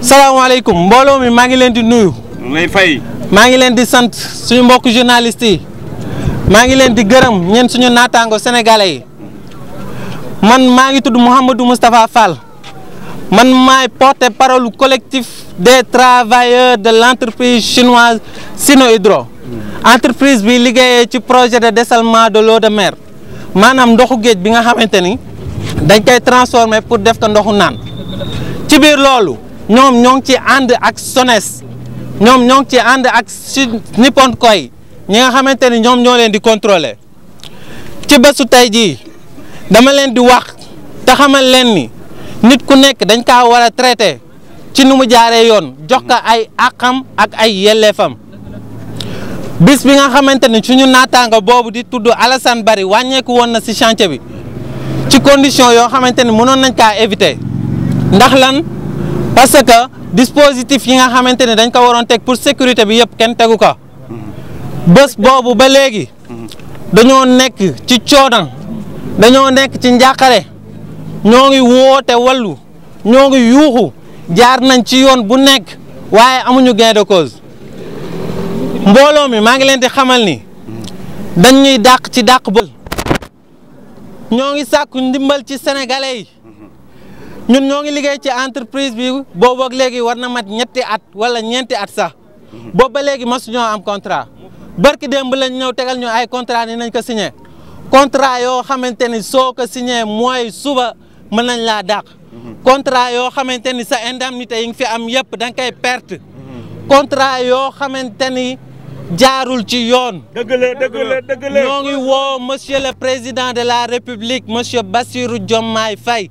salaamaaleykum mbolo mi ma ngi len di nuyu. lay fay. ma ngi len di sant suñu mbokk journaliste ma ngi len di gërëm ñen suñu natango sénégalais man ma ngi tuddu mohamedou mustapha Fall man may porte parole collectif des travailleurs de l'entreprise entreprise chinoise Sinohydro entreprise bi liggéey ci projet de dessalement de l'eau de mer manam ndoxu geej bi nga xamanteni dañ koy transformer pour def ko ndoxu nan ci bir loolu ñom ñong ci and ak SONES ñom ñong ci and ak Nippon Koy ñi nga xamanteni ñom ñoo leen di contrôler ci bésu tay ji dama leen di wax ta xamal leen ni nit ku nekk dañ ka wara traiter joka ci nu mu yoon jox ka ay akam ak ay yelefam bis bi nga xamante ni suñu naataanga bobu di tuddu Alassane Bari wàññeeku won na ci chantier bi ci condition yo xamanteni mënon nañ ka éviter ndax lan parce que dispositif yi nga xamante ne dañ ko waroon teg pour sécurité bi yëpp kenn tegu ko bés boobu ba léegi dañoo nekk ci coono dañoo nekk ci njàqare ñoo ngi woote wallu ñoo ngi yuuxu jaar nañ ci yoon bu nekk waaye amuñu gain cause mbooloo mi maa ngi leen di xamal ni dañ ñuy dàq ci dàq bël ñoo ngi sàkku ndimbal ci sénégalais yi ñun ñoo ngi liggéey ci entreprise bi boobu ak léegi war na mat ñetti at wala ñeenti at sax boobu ba léegi masu ñoo am contrat barki démb lañ ñëw tegal ñu ay contrat ni nañ ko signé contrat yoo xamante ni soo ko signé mooy suba mën nañ laa dàq contrat yoo xamante ni sa indemnité yi nga fi am yëpp da nga koy perte contrat yoo xamante ni jaarul ci yoon. dëgg la ñoo ngi woo monsieur le président de la république monsieur Bassirou jommaay Faye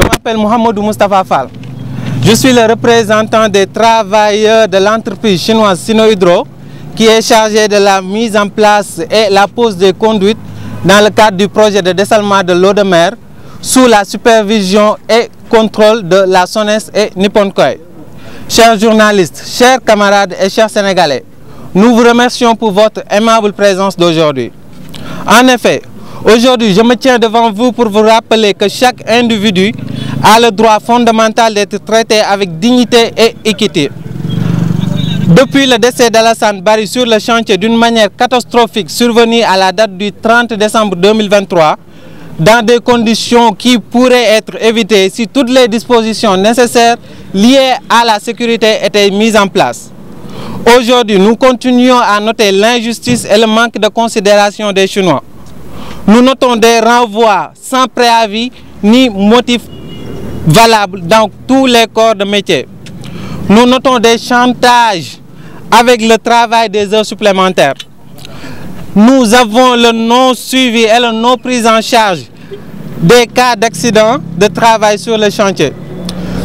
Je m'appelle Mohamedou Mustafa Fall. Je suis le représentant des travailleurs de l'entreprise chinoise Sinohydro qui est chargé de la mise en place et la pose des conduites dans le cadre du projet de dessalement de l'eau de mer sous la supervision et contrôle de la SONES et Nippon Koi. Chers journalistes, chers camarades et chers Sénégalais, nous vous remercions pour votre aimable présence d'aujourd'hui. En effet, Aujourd'hui, je me tiens devant vous pour vous rappeler que chaque individu a le droit fondamental d'être traité avec dignité et équité. Depuis le décès d'Alassane Barry sur le chantier d'une manière catastrophique survenue à la date du 30 décembre 2023, dans des conditions qui pourraient être évitées si toutes les dispositions nécessaires liées à la sécurité étaient mises en place. Aujourd'hui, nous continuons à noter l'injustice et le manque de considération des Chinois. Nous notons des renvois sans préavis ni motif valable dans tous les corps de métier. Nous notons des chantages avec le travail des heures supplémentaires. Nous avons le non-suivi et le non-prise en charge des cas d'accident de travail sur le chantier.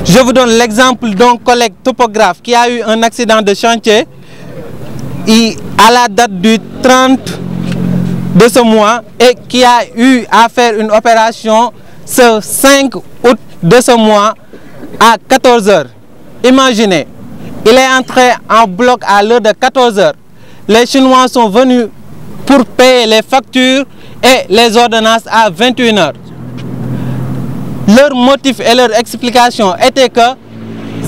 Je vous donne l'exemple d'un collègue topographe qui a eu un accident de chantier et à la date du 30 de ce mois et qui a eu à faire une opération ce 5 août de ce mois à 14h. Imaginez, il est entré en bloc à l'heure de 14h. Les Chinois sont venus pour payer les factures et les ordonnances à 21h. Leur motif et leur explication était que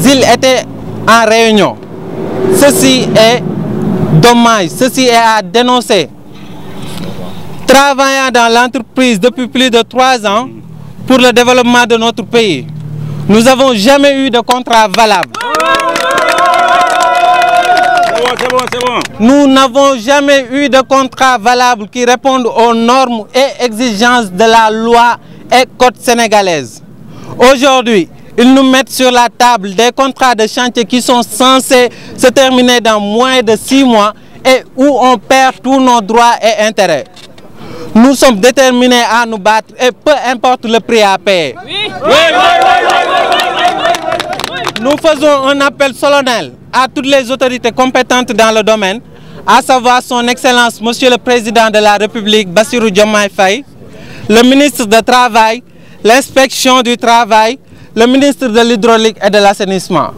ils étaient en réunion. Ceci est dommage, ceci est à dénoncer travaillant dans l'entreprise depuis plus de trois ans pour le développement de notre pays. Nous n'avons jamais eu de contrat valable. Nous n'avons jamais eu de contrat valable qui réponde aux normes et exigences de la loi et code sénégalaise. Aujourd'hui, ils nous mettent sur la table des contrats de chantier qui sont censés se terminer dans moins de six mois et où on perd tous nos droits et intérêts. Nous sommes déterminés à nous battre et peu importe le prix à payer. nous faisons un appel solennel à toutes les autorités compétentes dans le domaine, à savoir son Excellence Monsieur le Président de la République, Bassirou Diomaye Faye, le ministre du Travail, l'inspection du Travail, le ministre de l'Hydraulique et de l'Assainissement.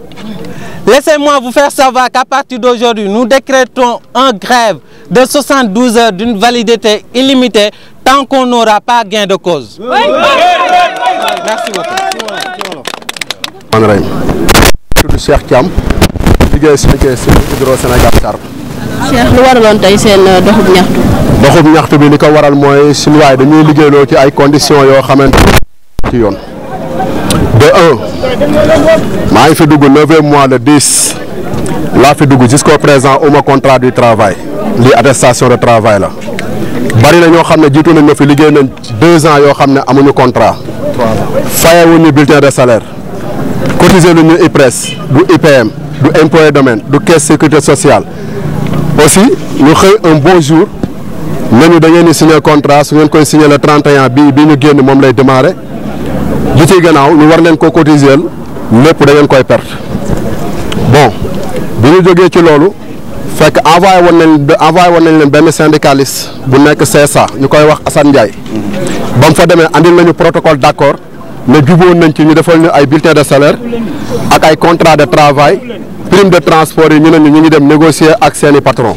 Laissez-moi vous faire savoir qu'à partir d'aujourd'hui, nous décrétons une grève de 72 heures d'une validité illimitée tant qu'on n'aura pas gain de cause. Merci beaucoup de 1, j'ai suis mois le 10. là jusqu'au présent au contrat de travail Les de travail là. bari deux ans amuñu contrat un bulletin de salaire cotiser le du IPM du domaine du caisse sécurité sociale aussi nous avons un bon jour nous avons signé contrat nous le 31 bi ñu bu ci gannaaw ñu war leen ko cotiser lépp da ngeen koy perte bon bu ñu jógee ci loolu fekk envoyé woon nañ envoyé woon nañ leen benn syndicaliste bu nekk CSA ñu koy wax Assane ba mu fa demee andil nañu protocole d'accord ne juboon nañ ci ñu defal ñu ay bulletin de salaire ak ay contrat de travail prime de transport yi ñu ne ñu ngi dem négocier ak seeni patron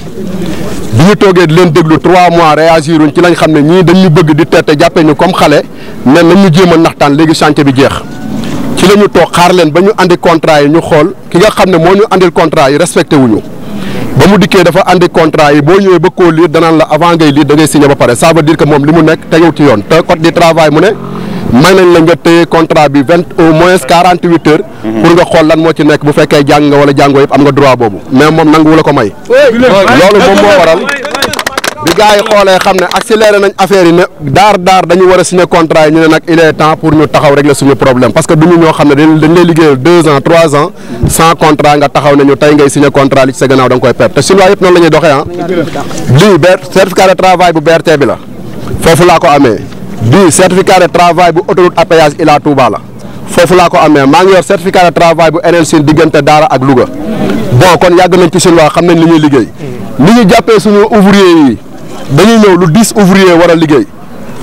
bi ñu toogee leen déglu trois mois réagiruñ ci lañ xam ne ñii dañu bëgg di tette jàppee ñu comme xale ne nañ ñu jéem naxtaan léegi chantier bi jeex ci la ñu toog xaar leen ba ñu andi contrat yi ñu xool ki nga xam ne moo ñu andil contrat yi respecté wuñu ba mu dikkee dafa andi contrat yi boo ñëwee ba koo lire danaan la avant ngay lire da ngay ba pare ça veut dire moom li mu nekk tegew ci yoon te code du travail mu ne may nañ la nga téye contrat bi vingt au moins quarante huit heures. Mhm. pour nga xool lan moo ci nekk bu fekkee jàng nga wala jàngoo yëpp am nga droit boobu mais moom nanguwu la ko may. loolu moom moo waral. bi gars yi xoolee xam ne accéléré nañ affaire yi ne daar daar dañu war a signer contrat yi ñu ne nag il est temps pour ñu taxaw régler suñu problème parce que du ñu ñoo xam ne dañ lay liggéeyal deux ans trois ans sans contrat nga taxaw ne ñu tey ngay signer contrat nga koy perte te chinois yëpp noonu la ñuy doxee ah. lii ber bi la foofu laa ko amee. bii certificat de travail bu autoroute à péage Ila Touba la foofu laa ko amee maa ngi de travail bu enel sin diggante Daara ak Louga bon kon yàgg nañ ci suñu waa xam nañ li ñuy liggéey li ñu jàppee suñu ouvrier yi dañuy ñëw lu dix ouvrier war a liggéey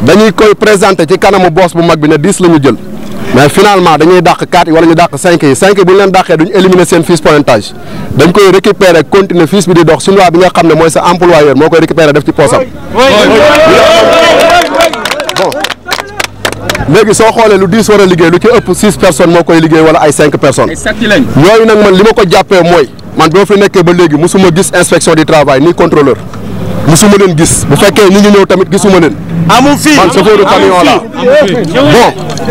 dañuy koy présenté ci kanamu boos bu mag bi ne dix la ñu jël mais finalement dañuy dàq quatre yi wala ñu dàq cinq yi cinq yi bu ñu leen dàqee duñu éliminer seen fiche pointage dañ koy xam ne mooy sa employeur moo koy bon léegi soo xoolee lu diis war a liggéey lu ci ëpp six personnes moo koy liggéey wala ay cinq personnes yooyu nag man li ma ko jàppee mooy man boo fi nekkee ba léegi musuma gis inspection du travail ni contrôleur musuma leen gis bu fekkee ni ngi ñëw tamit gisuma leen amul fii man chauffeur camion la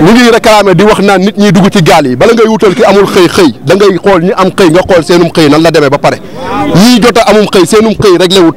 bon ñu ngi amee di wax naan nit ñi dugg ci gaal yi bala ngay wutal ki amul xëy xëy da ngay xool ñi am xëy nga xool seenum xëy nan la demee ba pare ñii jot a xëy seenum xëy réglé wut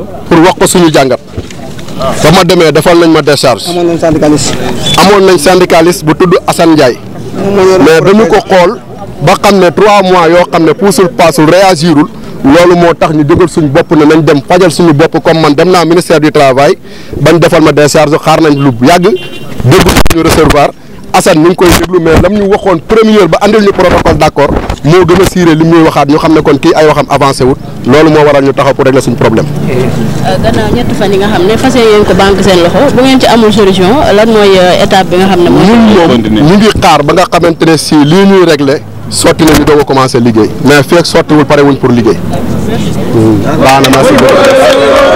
pour wax ko suñu jàngat. ba ma demee defal nañ ma décharge. amoon nañ syndicaliste. amoon nañ syndicaliste bu tudd Assane Ndiaye. mais dañu ko xool ba xam ne trois mois yoo xam ne puusul paasul réagirul loolu moo tax ñu jógal suñu bopp ne nañ dem fajal suñu bopp comme man dem naa ministère du travail bañ defal ma décharge xaar nañ lu yàgg déggu ñu recevoir. Assane ñu ngi koy déglu mais lam ñu waxoon première ba andil ñu protocole d'accord moo gën a siiree li muy waxaat ñu xam ne kon kii ay waxam avancé wut loolu moo waral ñu taxaw pour régler suñu problème. Euh, gannaaw ñett fan yi nga xam ne fas yéene ko banque seen loxo bu ngeen ci amul solution lan mooy euh, étape bi nga xam ne. moom ñu ngi xaar ba nga xamante ne si lii ñuy régler sotti na ñu doog a commencé liggéey mais feek sottiwul pare wuñ pour liggéey. Hmm. baax na merci beaucoup